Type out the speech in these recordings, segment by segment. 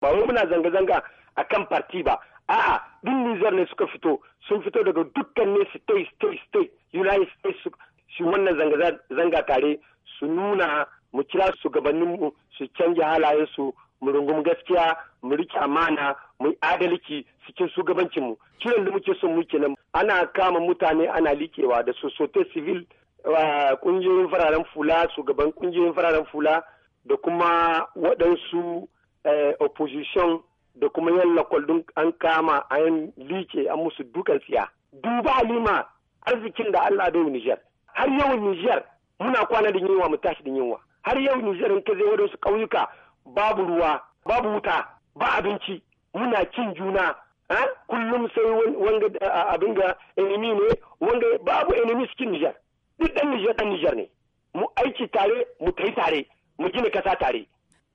ba wai muna zanga-zanga a kan parti ba a'a duk nizar ne suka fito sun fito daga dukkan ne state state state United States su wannan zanga-zanga tare su nuna mu kira su mu su canja halayen su mu rungumi gaskiya mu rike amana mu adalci cikin shugabancin mu kiran da muke son mu kenan ana kama mutane ana likewa da societe civil kungiyoyin fararen fula shugaban kungiyoyin fararen fula da kuma waɗansu Eh, opposition da kuma yan lakwaldun an kama an like an musu dukan siya. duba halima arzikin da Allah bai Nijar har yau Nijar muna kwana da yunwa mu tashi da yunwa har yau Nijar in ka zai wadansu ƙauyuka babu ruwa babu wuta ba abinci muna cin juna kullum sai wanga abin ga enemy ne wanga babu enemy cikin Nijar duk dan Nijar dan Nijar ne mu aiki tare mu kai tare mu gina kasa tare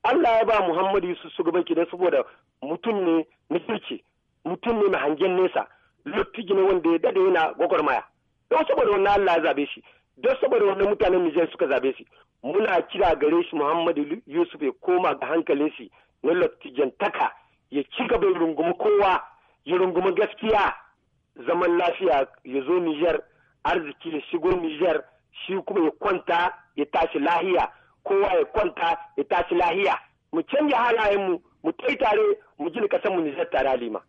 Allah ya ba Muhammadu Yusuf shugaban gidan saboda mutum ne na kirki mutum ne mai hangen nesa lottigi ne wanda ya dade yana gwagwarmaya don saboda wannan Allah ya zabe shi don saboda wannan mutanen Nijar suka zabe shi muna kira gare shi Muhammadu Yusuf ya koma ga hankalin shi na lottijan taka ya ci gaba rungumi kowa ya rungumi gaskiya zaman lafiya ya zo Nijar arziki ya shigo Nijar shi kuma ya kwanta ya tashi lahiya kowa ya kwanta ya tashi lahiya mu canja halayenmu mu tai tare mu ni ƙasar mu Nijar tare lima